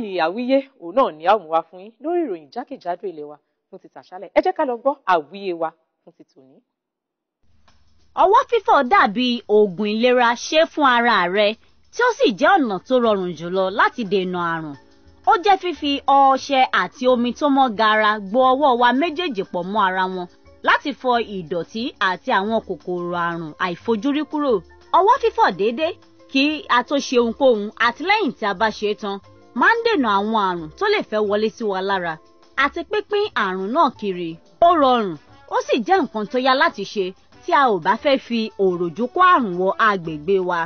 báyìí àwíyé òun náà ni a ó mú wá fún yín lórí ìròyìn jákèjádò ilé wa fún ti tàṣálẹ̀ ẹ jẹ́ ká lọ gbọ́ àwíyé wa fún ti tòní. ọwọ́ fífọ̀ dàbí oògùn ìlera ṣe fún ara rẹ tí ó sì jẹ́ ọ̀nà tó rọrùn jùlọ láti dènà àrùn ó jẹ́ fífi ọṣẹ àti omi tó mọ́ gara gbo ọwọ́ wa méjèèjì pọ̀ mọ́ ara wọn láti fọ ìdọ̀tí àti àwọn kòkòrò àrùn àìfojúrí kúrò ọwọ́ fífọ̀ déédéé kí a tó ṣe ohunkóhun àti tí a bá ṣe é tán máa ń dènà àwọn àrùn tó lè fẹ́ wọlé sí wa lára àti pínpín àrùn náà kiri. ó rọrùn ó sì jẹ́ nǹkan tó yá láti ṣe tí a ò bá fẹ́ fi òròjú kó àrùn wọ agbègbè wa.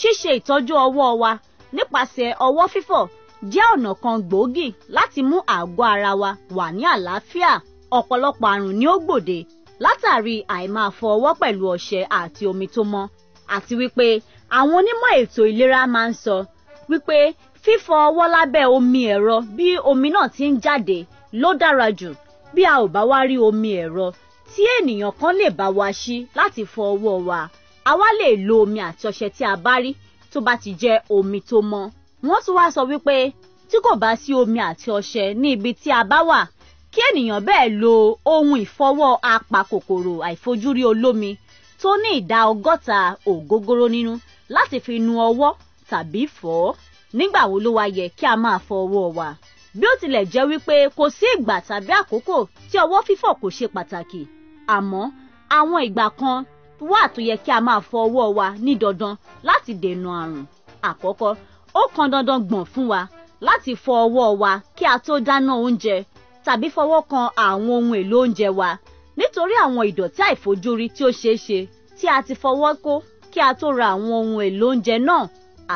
ṣíṣe ìtọ́jú ọwọ́ wa nípasẹ̀ ọwọ́ fífọ̀ jẹ́ ọ̀nà kan gbòógì láti mú àgọ́ ara wa wà ní àlàáfíà. ọ̀pọ̀lọpọ̀ àrùn ni ó gbòde látàrí àìmáa fọ ọwọ́ pẹ̀lú ọṣẹ àti omi tó mọ́ àti wípé àwọn onímọ̀ ètò ìlera máa ń sọ wípé fífọ ọwọ́ lábẹ́ omi ẹ̀rọ bí omi náà ti ń jáde ló dára jù bí a ò bá wá rí omi ẹ̀rọ tí ènìyàn kan lè bá wa ṣí láti fọ ọwọ́ wa a wá lè lo omi àti ọṣẹ tí a bá rí tó bá ti jẹ́ omi tó mọ́. wọ́n tún wá sọ wípé tí kò bá sí omi àti ọṣẹ ní ibi tí a bá wà kí ènìyàn bẹ́ẹ̀ lo ohun ìfọwọ́ apakòkòrò àìfojúrí olómi tó ní ìdá ọgọ́ta ògógóró nínú láti fi nu ọwọ́ tàbí fọ̀ ọ́ nígbà wo ló wá yẹ kí a máa fọ ọwọ́ wa bí ó tilẹ̀ jẹ́ wípé kò sí ìgbà tàbí àkókò tí ọwọ́ fífọ̀ kò ṣe pàtàkì àmọ́ àwọn ìgbà kan wà tó yẹ kí a máa fọ ọwọ́ wa ní dandan láti dènà àrùn àkọ́kọ́ ó kan dandan gbọ̀n fún wa láti fọ ọwọ́ wa kí a tó dáná oúnjẹ tàbí fọwọ́ kan àwọn ohun èlò oúnjẹ wa nítorí àwọn ìdọ̀tí àìfojúrí tí ó ṣeé ṣe tí a ti fọwọ́ kó kí a tó ra àwọn ohun èlò oúnjẹ náà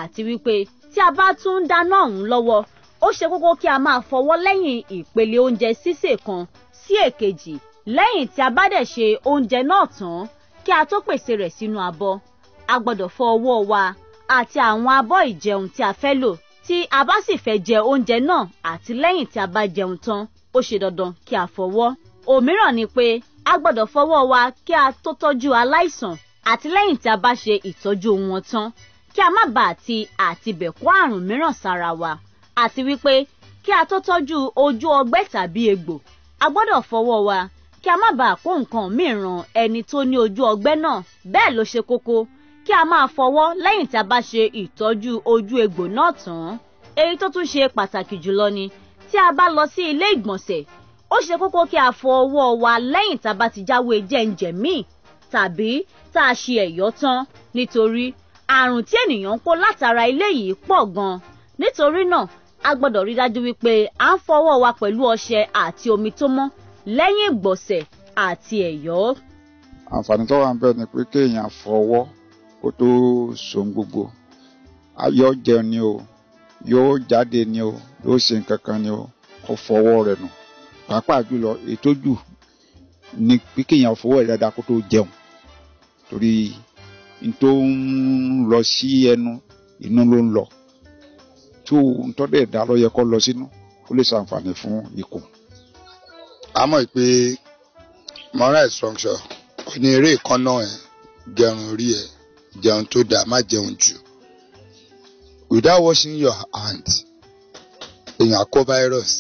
àti wípé tí a bá tún ń dáná ọ̀hún lọ́wọ́ ó ṣe kókó kí a máa fọwọ́ lẹ́yìn ìpele oúnjẹ sísè kan sí èkejì lẹ́yìn tí a bá dẹ̀ ṣe oúnjẹ náà tán kí a tó pèsè rẹ̀ sínú abọ́ a gbọ́dọ̀ fọ ọwọ́ wa àti àwọn abọ́ ìjẹun tí a fẹ́ lò tí a bá sì fẹ́ jẹ oúnjẹ náà àti lẹ́yìn tí a bá jẹun tán ó ṣe dandan kí a fọwọ́ òmíràn ni pé a gbọ́dọ̀ fọwọ́ wa kí a tó tọ́jú aláìsàn àti lẹ́yìn tí a bá ṣe ìtọ́jú wọn tán kí a má bàa ti àtibẹ̀ kó àrùn mìíràn sára wa àti wípé kí a tó tọ́jú ojú ọgbẹ́ tàbí egbò a gbọ́dọ̀ fọwọ́ wa kí a má bàa kó nǹkan mìíràn ẹni tó ní ojú ọgbẹ́ náà bẹ́ẹ̀ ló ṣe kókó kí a máa fọwọ́ lẹ́yìn tí a bá ṣe ìtọ́jú ojú egbò náà tán èyí tó tún ṣe pàtàkì jùlọ ni tí a bá lọ sí ilé ìgbọ̀nsẹ̀ ó ṣe kókó kí a fọ wa lẹ́yìn tá a bá ti jáwé jẹ́ǹjẹ̀mí tàbí tá a ṣe ẹ̀yọ́ tán nítorí àrùn tí ènìyàn ń kó látara ilé yìí pọ̀ gan-an nítorí náà a gbọ́dọ̀ rí dájú wípé à ń fọwọ́ wa pẹ̀lú ọṣẹ àti omi tó mọ́ lẹ́yìn ìgbọ̀nsẹ̀ àti ẹ̀yọ́. àǹfààní tó wà ń bẹ ni pé kéèyàn fọwọ́ kó tó so gbogbo yóò jẹun ni o yóò jáde ni o yóò ṣe nǹkan kan ni o kó fọwọ́ rẹ̀ nù pàápàá jùlọ ìtọ́jú ni pé kéèyàn fọwọ́ rẹ̀ kó tó jẹun torí tó ń lọ sí ẹnu ló ń lọ tó ntọ́dẹ̀ dá lọ yẹ kó lọ sínú ó lè ṣàǹfààní fún ikùn. a mọ̀ pé moral structure ò ní eré ìkànnà ẹ̀ jẹun orí ẹ̀ jẹun tó dáa má jẹun jù without washing your hands èèyàn á virus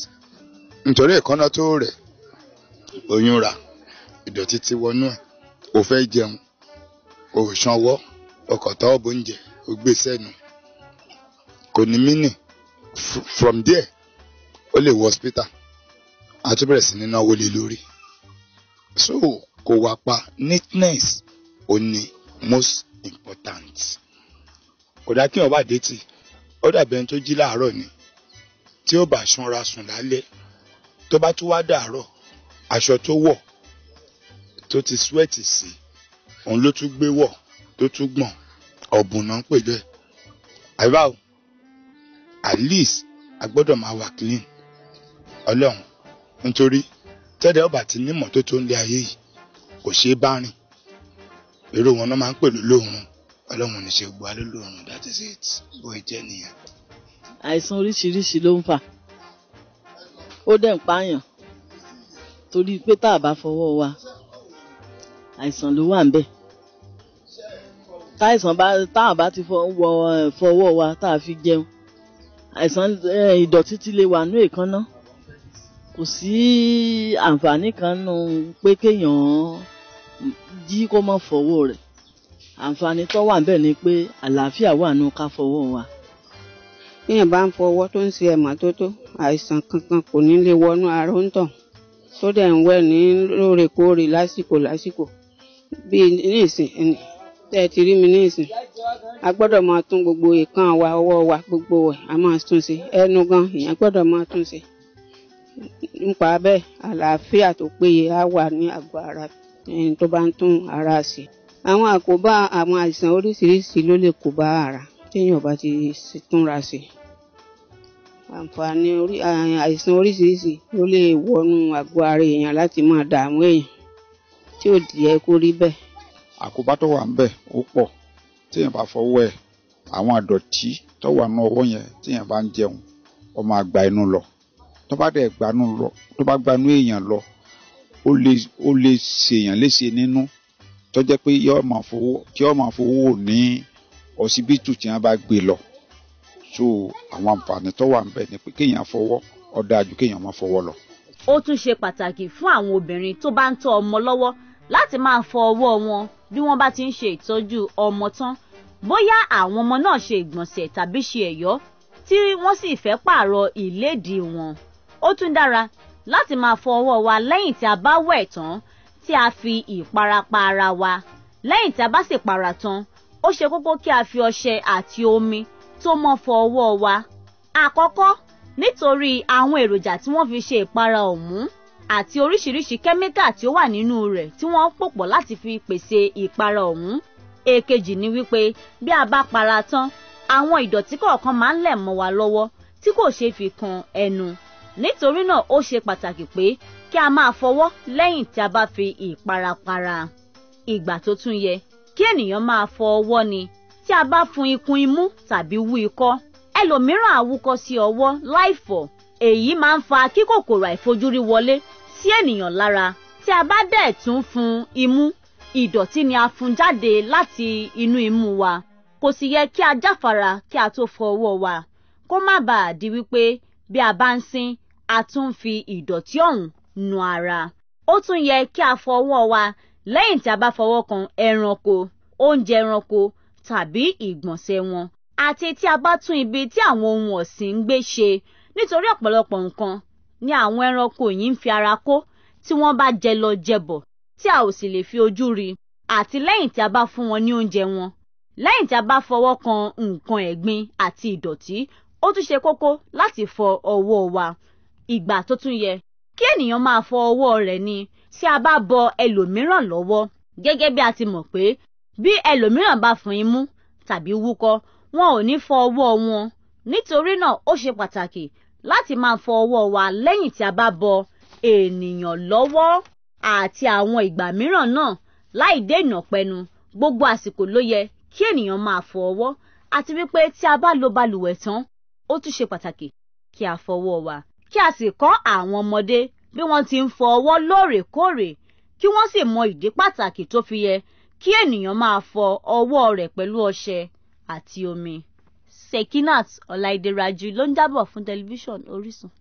nítorí ìkànnà tó rẹ̀ oyún ra ìdọ̀tí ti wọnú ẹ̀ ò fẹ́ jẹun òòṣanwọ́ ọkọ̀ tọ́wọ́ bó ń jẹ ó gbé sẹ́nu kò ní mínì from there ó lè wọ hospital a tún bẹ̀rẹ̀ sí ní náwó lé lórí so kò wá pa neatness ó ní most important kò dá kí wọn bá dé tì ó dàbí ẹni tó jí láàárọ̀ ni tí ó bá sanra sùn lálẹ́ tó bá tún wá dàárọ̀ aṣọ tó wọ̀ tó ti súwẹ́tì sí i òun ló tún gbé wọ̀ tó tún gbọ̀n ọ̀bùn náà pè bẹ́ẹ̀ àbá o at least a gbọ́dọ̀ máa wà clean ọlọ́run nítorí tẹ́lẹ̀ ọba ti ní mọ́tótó ń lé ayé yìí kò ṣeé bá rìn èrò wọn náà máa ń pè lólóòrùn ọlọ́run ní ṣe gbọ́ alólóòrùn that is it bó jẹ́ nìyẹn. àìsàn oríṣiríṣi ló ń fà ó dẹ̀ ń pààyàn torí pé tá a bá fọwọ́ wa àìsàn ló wà ń bẹ́ẹ̀ táìsàn bá táà bá ti fọwọ́ wa táà fi jẹun àìsàn ìdọ̀tí ti lè wà ní èékánná kò sí àǹfààní kan nù pé kéèyàn jí kó má fọwọ́ rẹ̀ àǹfààní tó wà bẹ́ẹ̀ ni pé àlàáfíà wà nù ká fọwọ́ wa. kéèyàn bá ń fọwọ́ tó ń ṣe ẹ̀mọ́tótó àìsàn kankan kò ní lè wọnú ara ó ń tàn tó dẹ̀ ń wẹ̀ ní lóòrèkóòrè lásìkò lásìkò bíi ní ìsìn tẹ́ ẹ ti rí mi ní ìsìn a gbọ́dọ̀ máa tún gbogbo ìkan wa ọwọ́ wa gbogbo ẹ̀ a máa tún ṣe ẹnu gan èèyàn gbọ́dọ̀ máa tún ṣe nípa bẹ́ẹ̀ àlàáfíà tó péye á wà ní àgọ́ ara ẹni tó bá ń tún ara ṣe àwọn àkóbá àwọn àìsàn oríṣiríṣi ló lè kó bá ara téèyàn bá ti túnra ṣe àǹfààní àìsàn oríṣiríṣi ló lè wọnú àgọ́ ara èèyàn láti máa dààmú èèyàn tí ò dìé kó rí bẹ́ẹ̀ àkóbá tó wà ńbẹ̀ ó pọ̀ téèyàn bá fọwọ́ ẹ̀ àwọn àdọ̀tí tó wà nú ọwọ́ yẹn téèyàn bá ń jẹun ó máa gba inú lọ tó bá dẹ̀ gbanú lọ tó bá gbanú èèyàn lọ ó lè ó lè ṣèèyàn léṣe nínú tó jẹ́ pé yóò máa fowó tí yóò máa ní ọsibítù tí wọ́n bá gbé lọ so àwọn àǹfààní tó wà ńbẹ̀ ni pé kéèyàn fọwọ́ ó dáa jù kéèyàn má fọwọ́ lọ. ó tún ṣe pàtàkì fún àwọn obìnrin tó bá ń tọ́ ọmọ lọ́wọ́ láti máa fọ ọwọ́ wọn bí wọ́n bá ti ń ṣe ìtọ́jú ọmọ tán bóyá àwọn ọmọ náà ṣe ìgbọ̀nsẹ̀ tàbí ṣe ẹ̀yọ́ tí wọ́n sì fẹ́ pààrọ̀ ìlédìí wọn. ó tún dára láti máa fọ ọwọ́ wa lẹ́yìn tí a bá wẹ̀ tán tí a fi ìpara pa ara wa lẹ́yìn tí a bá sì para tán ó ṣe kókó kí a fi ọṣẹ àti omi tó mọ́ fọ ọwọ́ wa. àkọ́kọ́ nítorí àwọn èròjà tí wọ́n fi ṣe ìpara ọ̀hún àti oríṣiríṣi kẹ́míkà tí ó wà nínú rẹ̀ tí wọ́n pòpọ̀ láti fi pèsè ìpara ọ̀hún. èkejì ni wípé bí a bá para tán àwọn ìdọ̀tí kọ̀ọ̀kan máa ń lẹ̀ mọ́ wa lọ́wọ́ tí kò ṣeé fi kan ẹnu. nítorí náà ó ṣe pàtàkì pé kí a máa fọwọ́ lẹ́yìn tí a bá fi ìpara para. ìgbà tó tún yẹ kí ènìyàn máa fọ ọwọ́ ni tí a bá fun ikùn imú tàbí wú ikọ́ ẹlòmíràn àwúkọ́ sí ọwọ́ láìfọ̀ èyí máa ń fa kí kòkòrò àìfojúrí wọlé sí ènìyàn lára tí a bá dẹ̀ tún fún imú ìdọ̀tí ni a fún jáde láti inú imú wa kò sì yẹ kí a jáfara kí a tó fọ ọwọ́ wa kó má bàa di wípé bí a bá ń sin a tún fi ìdọ̀tí ọ̀hún nu ara ó tún yẹ kí a fọ ọwọ́ wa lẹ́yìn tí a bá fọwọ́ kan ẹranko oúnjẹ ẹranko tàbí ìgbọ̀nsẹ̀ wọn àti tí a bá tún ibi tí àwọn ohun ọ̀sìn ń gbé ṣe nítorí ọ̀pọ̀lọpọ̀ nǹkan ni àwọn ẹranko yìí ń fi ara kó tí wọ́n bá jẹ lọ jẹbọ̀ tí a ò sì lè fi ojú rí àti lẹ́yìn tí a bá fún wọn ní oúnjẹ wọn. lẹ́yìn tí a bá fọwọ́ kan nǹkan ẹ̀gbin àti ìdọ̀tí ó tún ṣe kókó láti fọ ọwọ́ wa. ìgbà tó tún yẹ kí ènìyàn máa fọ ọwọ́ rẹ̀ ni tí a bá bọ ẹlòmíràn lọ́wọ́ gẹ́gẹ́ bí a ti mọ̀ pé bí ẹlòmíràn bá fún imú tàbí wúkọ́ wọn ò ní fọ ọwọ́ wọn nítorí náà ó ṣe pàtàkì láti máa fọ ọwọ́ wa lẹ́yìn tí a bá bọ ènìyàn lọ́wọ́ àti àwọn ìgbà mìíràn náà láì dènà pẹnu gbogbo àsìkò ló yẹ kí ènìyàn máa fọ ọwọ́ àti wípé tí a bá lo balùwẹ̀ tán ó tún ṣe pàtàkì kí a fọwọ́ wa kí a sì kọ́ àwọn ọmọdé bí wọ́n ti ń fọ ọwọ́ lóòrèkóòrè kí wọ́n sì mọ ìdí pàtàkì tó fi yẹ kí ènìyàn máa fọ ọwọ́ rẹ̀ pẹ̀lú ọṣẹ àti omi. Sekinat Ọláìdé Rájí ló ń jábọ̀ fún tẹlifíṣàn Orísun.